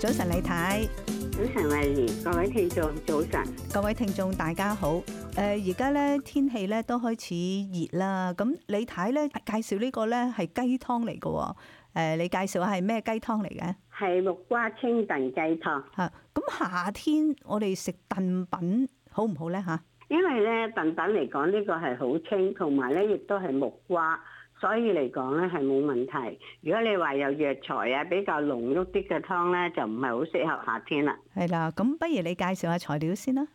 早晨，李太。早晨，各位聽眾，早晨。各位聽眾，大家好。誒、呃，而家咧天氣咧都開始熱啦。咁李太咧介紹呢個咧係雞湯嚟噶。誒、呃，你介紹下係咩雞湯嚟嘅？係木瓜清燉雞湯。吓、啊，咁夏天我哋食燉品好唔好咧？吓，因為咧燉品嚟講呢個係好清，同埋咧亦都係木瓜。所以嚟講咧係冇問題。如果你話有藥材啊比較濃郁啲嘅湯咧，就唔係好適合夏天啦。係啦，咁不如你介紹下材料先啦。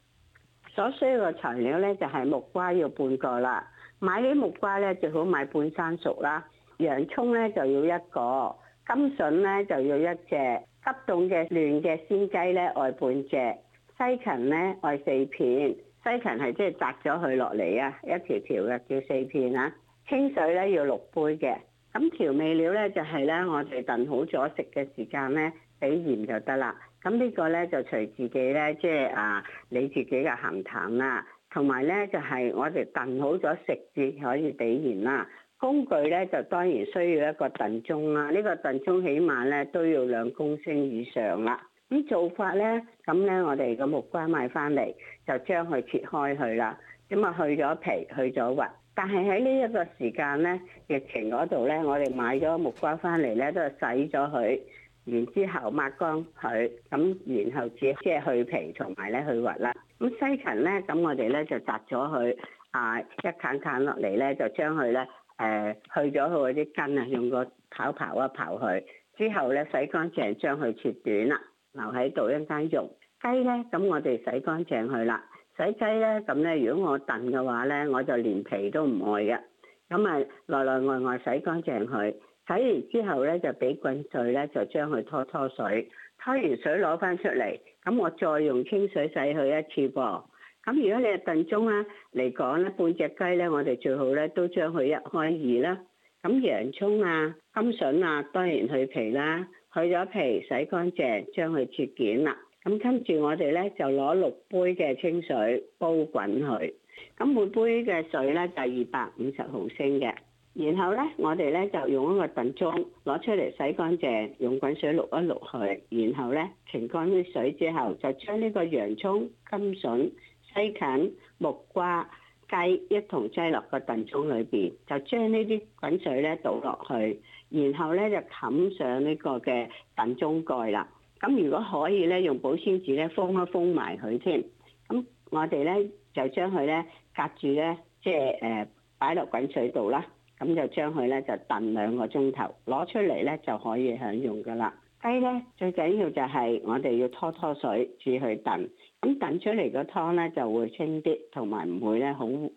所需要嘅材料咧就係木瓜要半個啦，買啲木瓜咧最好買半生熟啦。洋葱咧就要一個，甘筍咧就要一隻，急凍嘅嫩嘅鮮雞咧外半隻，西芹咧外四片。西芹係即係摘咗佢落嚟啊，一條條嘅叫四片啊。清水咧要六杯嘅，咁調味料咧就係咧，我哋燉好咗食嘅時間咧，俾鹽就得啦。咁呢個咧就隨自己咧，即係啊你自己嘅鹹淡啦。同埋咧就係我哋燉好咗食先可以俾鹽啦。工具咧就當然需要一個燉盅啦，呢個燉盅起碼咧都要兩公升以上啦。咁做法咧，咁咧我哋個木瓜買翻嚟就將佢切開佢啦，咁啊去咗皮去咗核。但係喺呢一個時間咧，疫情嗰度咧，我哋買咗木瓜翻嚟咧，都係洗咗佢，然之後抹乾佢，咁然後只即係去皮同埋咧去核啦。咁西芹咧，咁我哋咧就摘咗佢，啊一砍砍落嚟咧，就將佢咧誒去咗佢嗰啲根啊，用個刨刨一刨佢，之後咧洗乾淨，將佢切短啦，留喺度一陣用雞咧，咁我哋洗乾淨佢啦。洗雞咧，咁咧如果我燉嘅話咧，我就連皮都唔愛嘅。咁啊，內內外外洗乾淨佢，洗完之後咧就俾滾水咧，就將佢拖拖水，拖完水攞翻出嚟，咁我再用清水洗佢一次噃。咁如果你係燉盅啦嚟講咧，半隻雞咧，我哋最好咧都將佢一開二啦。咁洋葱啊、金筍啊，當然去皮啦，去咗皮洗乾淨，將佢切件啦。咁跟住我哋咧就攞六杯嘅清水煲滾佢，咁每杯嘅水咧就二百五十毫升嘅。然後咧我哋咧就用一個燉盅攞出嚟洗乾淨，用滾水淥一淥佢，然後咧傾乾啲水之後，就將呢個洋葱、甘筍、西芹、木瓜、雞一同擠落個燉盅裏邊，就將呢啲滾水咧倒落去，然後咧就冚上呢個嘅燉盅蓋啦。咁如果可以咧，用保鮮紙咧封一封埋佢先。咁我哋咧就將佢咧隔住咧，即係誒擺落滾水度啦。咁就將佢咧就燉兩個鐘頭，攞出嚟咧就可以享用噶啦。雞咧最緊要就係我哋要拖拖水至去燉，咁燉出嚟個湯咧就會清啲，同埋唔會咧好誒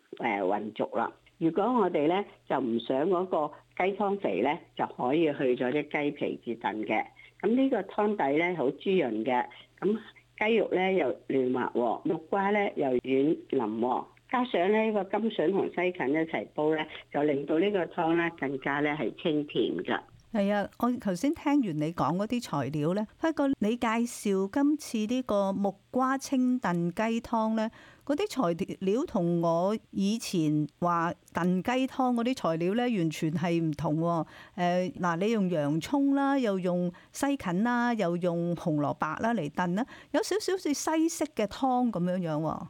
混濁啦。如果我哋咧就唔想嗰個雞湯肥咧，就可以去咗啲雞皮至燉嘅。咁呢個湯底咧好滋潤嘅，咁雞肉咧又嫩滑喎，木瓜咧又軟腍喎，加上咧呢個金筍同西芹一齊煲咧，就令到呢個湯咧更加咧係清甜㗎。係啊，我頭先聽完你講嗰啲材料咧，不過你介紹今次呢個木瓜清燉雞湯咧，嗰啲材料同我以前話燉雞湯嗰啲材料咧，完全係唔同喎。誒，嗱，你用洋葱啦，又用西芹啦，又用紅蘿蔔啦嚟燉啦，有少少似西式嘅湯咁樣樣喎。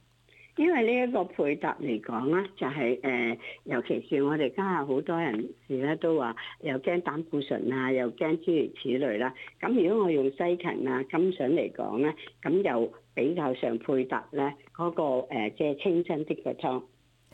因為呢一個配搭嚟講咧，就係、是、誒，尤其是我哋家下好多人士咧都話又驚膽固醇啊，又驚諸如此類啦。咁如果我用西芹啊、甘筍嚟講咧，咁又比較上配搭咧、那、嗰個即係、就是、清新啲嘅湯。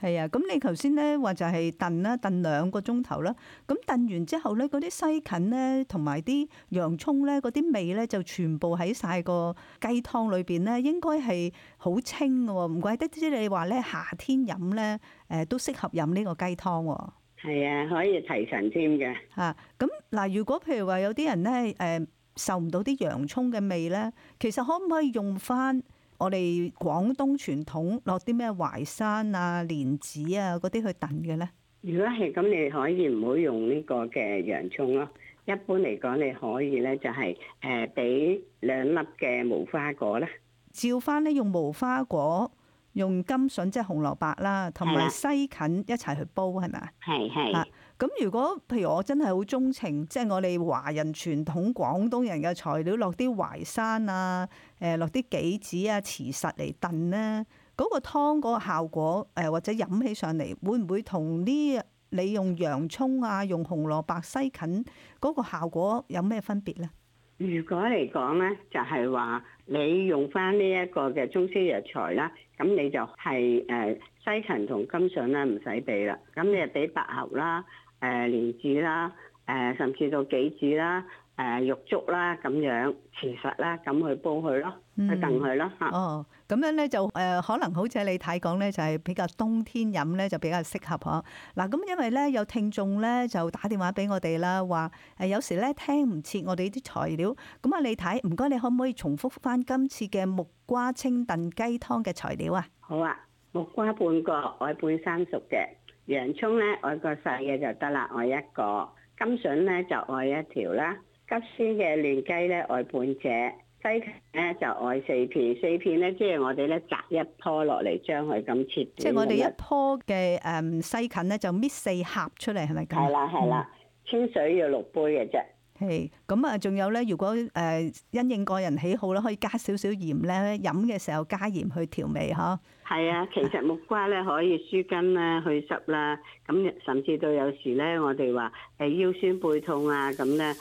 係啊，咁你頭先咧，話就係燉啦，燉兩個鐘頭啦，咁燉完之後咧，嗰啲西芹咧，同埋啲洋葱咧，嗰啲味咧，就全部喺晒個雞湯裏邊咧，應該係好清嘅喎，唔怪得之你話咧，夏天飲咧，誒都適合飲呢個雞湯喎。係啊，可以提神添嘅。嚇，咁嗱，如果譬如話有啲人咧，誒受唔到啲洋葱嘅味咧，其實可唔可以用返？我哋廣東傳統落啲咩淮山啊、蓮子啊嗰啲去燉嘅咧？如果係咁，你可以唔好用呢個嘅洋葱咯。一般嚟講，你可以咧就係誒俾兩粒嘅無花果咧。照返咧用無花果，用甘筍即係紅蘿蔔啦，同埋西芹一齊去煲係咪的啊？係係。咁如果譬如我真係好鍾情，即係我哋華人傳統廣東人嘅材料，落啲淮山啊，誒落啲杞子啊、慈實嚟燉咧，嗰個湯嗰個效果誒，或者飲起上嚟，會唔會同呢？你用洋葱啊、用紅蘿蔔西芹嗰個效果有咩分別咧？如果嚟講咧，就係話你用翻呢一個嘅中式藥材啦，咁你就係誒西芹同金筍咧，唔使俾啦，咁你就俾百合啦。誒蓮子啦，誒甚至到杞子啦，誒玉竹啦咁樣，芡實啦咁去煲佢咯，去燉佢咯嚇。哦，咁樣咧就誒，可能好似你睇講咧，就係比較冬天飲咧，就比較適合呵。嗱，咁因為咧有聽眾咧就打電話俾我哋啦，話誒有時咧聽唔切我哋啲材料，咁啊你睇，唔該你可唔可以重複返今次嘅木瓜清燉雞湯嘅材料啊？好啊，木瓜半個，係半生熟嘅。洋葱咧愛個細嘅就得啦，愛一個甘筍咧就愛一條啦，急鮮嘅嫩雞咧愛半隻，西芹咧就愛四片，四片咧即係我哋咧摘一棵落嚟將佢咁切。即係我哋一棵嘅誒西芹咧就搣四盒出嚟係咪咁？係啦係啦，清、嗯、水要六杯嘅啫。係，咁啊，仲有咧，如果誒、呃、因應個人喜好咧，可以加少少鹽咧，飲嘅時候加鹽去調味嗬，係啊，其實木瓜咧可以舒筋啦、去濕啦，咁甚至到有時咧，我哋話誒腰酸背痛啊，咁咧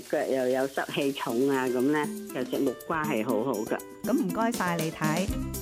誒腳又有濕氣重啊，咁咧就食木瓜係好好噶。咁唔該晒你睇。你